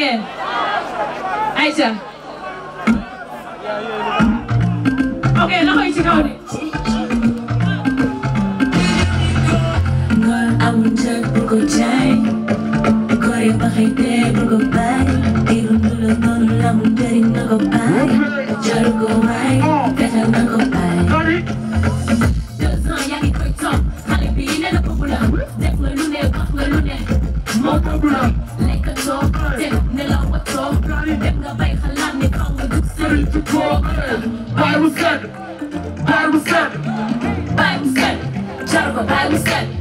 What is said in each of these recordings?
ngeen ayca ok loxo yi ci kaw de ngor amul jot bu ko jaay góor yi baxee dee bu ko baay diiru du la noonu la mu jëriñ na ko baay jaru ko waay fexeel na ko baay deux ans yaa ngi koy topp xale bi ne la populaire def nga lu ne wax nga lu ne moo populaire Bro, Bible said, Bible said, Bible said, Bible said.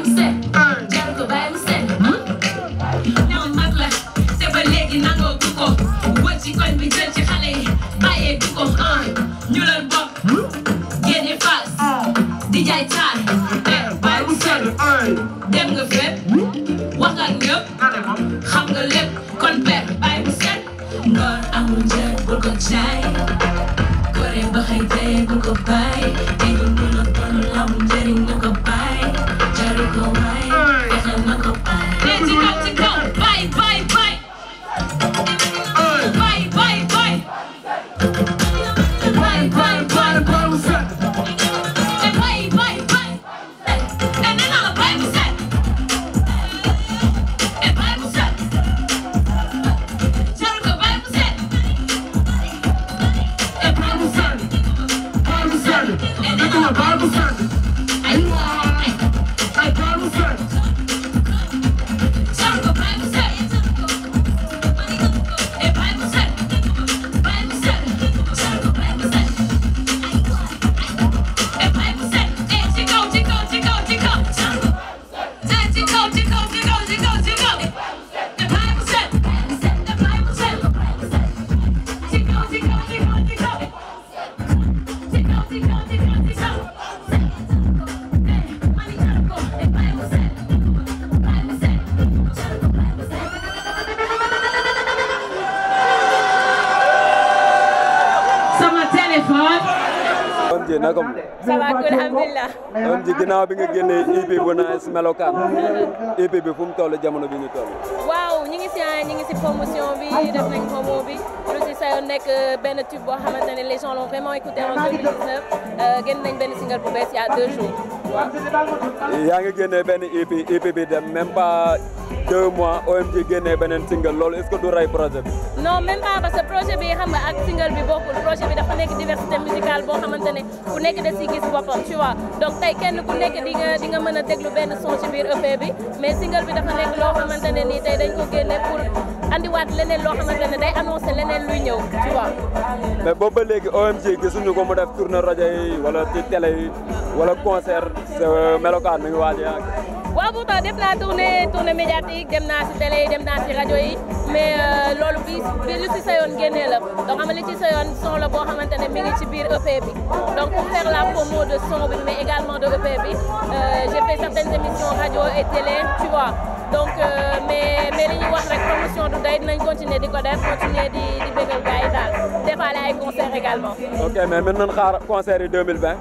bàyyi mu set jaru ko bàyyi mu set ñaw mag la te ba léegi nangoo du ko wër ci koñ bi jël ci xale yi bàyyee du ko ñu leen bopp génne faas di jaay taal bàyyi mu set dem nga fépp hmm? wax nga ñëpp xam nga lépp kon ber bàyyi mu set ndoor amul njëg bul ko jaay gore ba xëy tey bul ko bàyyi five. doom ji naka mu. ça va alhamdulilah. doom ji ginnaaw bi nga génnee EP bu nice melokaan. EP bi fu mu toll jamono bi ñu toll. waaw ñu ngi ah, ngi promotion bi lu si sa yoon nekk euh, benn tube boo xamante ne les gens vraiment écouté en 2019 euh, génn nañ benn single bu bees il y a deux jours. waaw yaa ngi benn bi dem beneen single loolu est-ce que du rey projet bi. non même pas parce que projet bi xam nga ak single bi bokkul projet bi dafa nekk diversité musicale boo xamante ku nekk da si gis boppam tu vois donc tey kenn ku nekk di nga di mën a déglu benn son ci biir EP bi mais single bi dafa nekk loo xamante nii tey dañ ko génne pour andiwaat leneen loo ne day annoncé leneen luy ñëw tu vois. mais boobu ba léegi OMG gisuñu ko mu def tournée rajo yi wala ci télé wala concert sa melokaan mi waaj a waa waaw pourtant def naa tournée tournée bi lu ci la donc xam nga li ci la boo xamante ne mi ngi ci biir EP bi donc pour faire la promo de son bi mais également de EP bi euh, j'ai certaines émissions radio et télé tu donc euh, mais li ñuy wax rek promotion du day dinañ continuer di ko continuer di di bégal daal defaale ay concert également. ok mais mën nañ xaar concert yi 2020.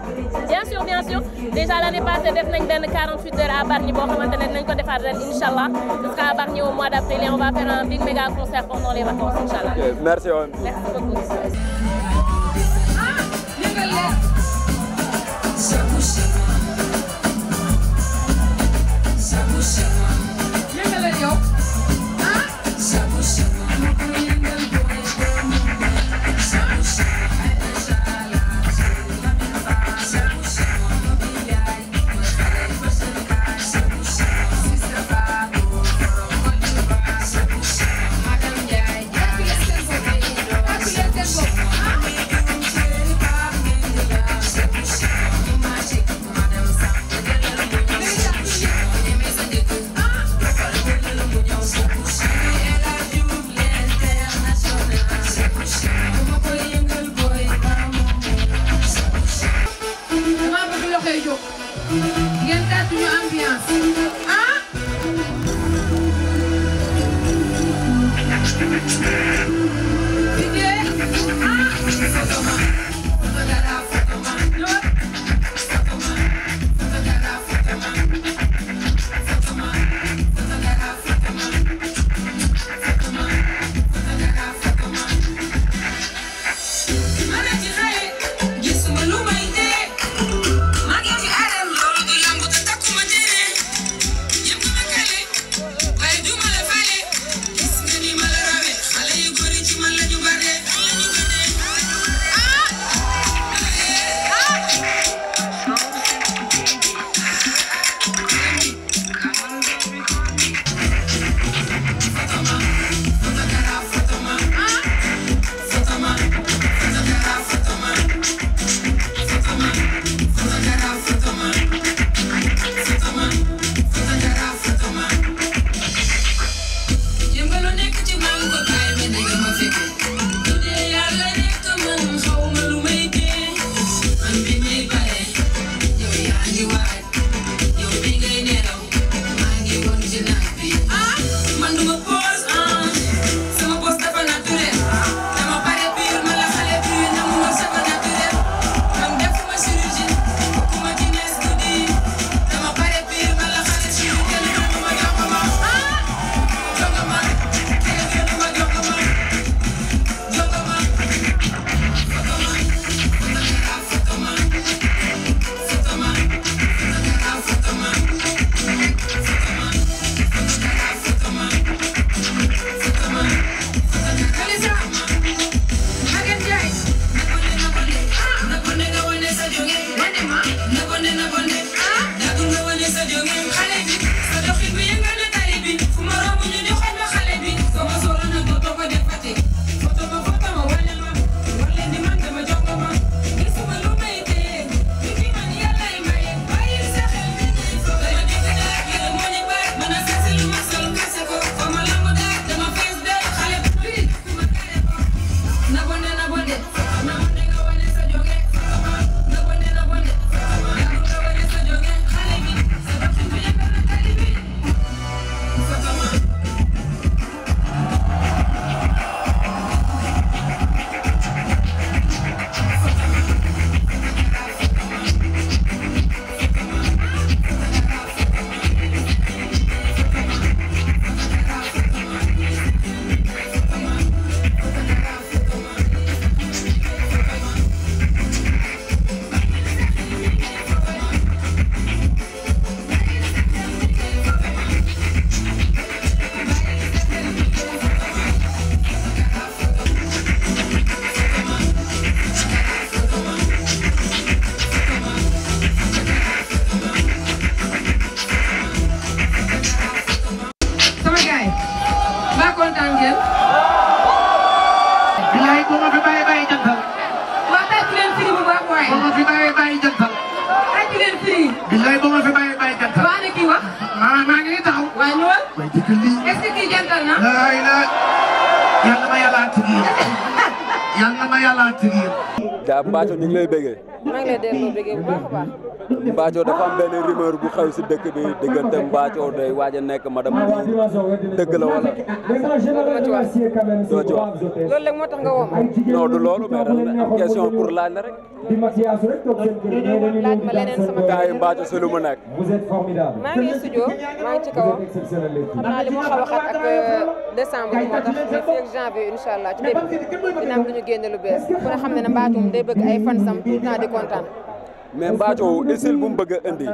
sûr bien sûr déjà l'année passée def nañ benn 48 heures à Bargny boo xamante ne nañ ko defaat ren incha allah jusqu'à Bargny au mois d' avril et on va faire un big méga concert pendant les vacances incha merci beaucoup. ba ma fi bàyyee bàyyi jantal. àcc leen fii. billaay ba ma fi bàyyee bàyyi jantal. waa ne kii wax. maa maa ngi nii taxaw. waa ñëwal. waaye dëgg lii. est-ce que kii jantal na. laay laay. yal na ma yàlla tigi yal na ma yàlla tigi. jaa Mbathio ñu ngi lay bëggee. maa ngi lay delloo bëggee bu baax a baax. Mbathio dafa am rumeur bu xew si dëkk bi diggante Mbathio day waaj a nekk madame bi dëgg la wala. doo ci wax doo moo tax nga woo ma. non du loolu mais dafa am question pour laaj la rek. laaj ma leneen sama gaa yi Mbathio si lu mu nekk. maa ngi studio maa ngi ci kawam xam naa li ma ko waxaat ak euh, décembre moo tax le 5 janvier incha allah ci début dina am lu ñu génne lu bees ku ne xam ne ne Mbathio day bëgg ay fan sam tout temps di kontaan. mais Mbathio style bu mu bëgg a indi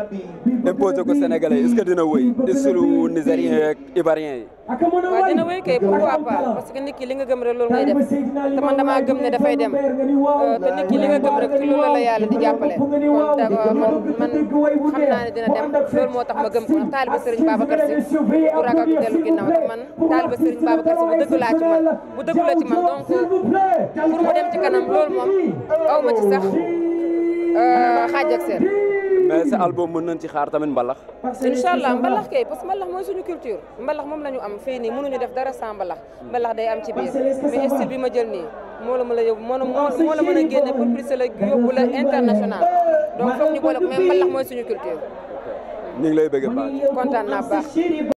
imposé ko Sénégalais est-ce que dina wëy style u Nigérien yeeg Ivoirien yi. waaw dina wëy kay pourquoi parce que nit ki li nga gëm rek loolu ngay def te man damaa gëm ne dafay dem euh, te nit ki li nga gëm rek ci loolu la yàlla di jàppale kon da man man xam ma gëm ko taaliba Serigne Babacar Sy bu ragal ku dellu ginnaaw te man taaliba Serigne Babacar Sy bu dëgg laa ci man bu dëgg la ci man donc pour mu dem ci kanam loolu moom aw ma ci sax. xaaj euh, ak seen. mais sa album mën nañ ci xaar tamit mbalax. incha allah mbalax kay parce que mbalax mooy suñu culture mbalax moom la ñu am fii nii mënuñu def dara sans mbalax mbalax day am ci biir mais style bi ma jël nii moo la mën a yóbbu moo la moo la a génne pour plus la yóbbu la international donc foog ñu boole ko mais mbalax mooy suñu culture. ñu lay bëgg a baax kontaan naa baax.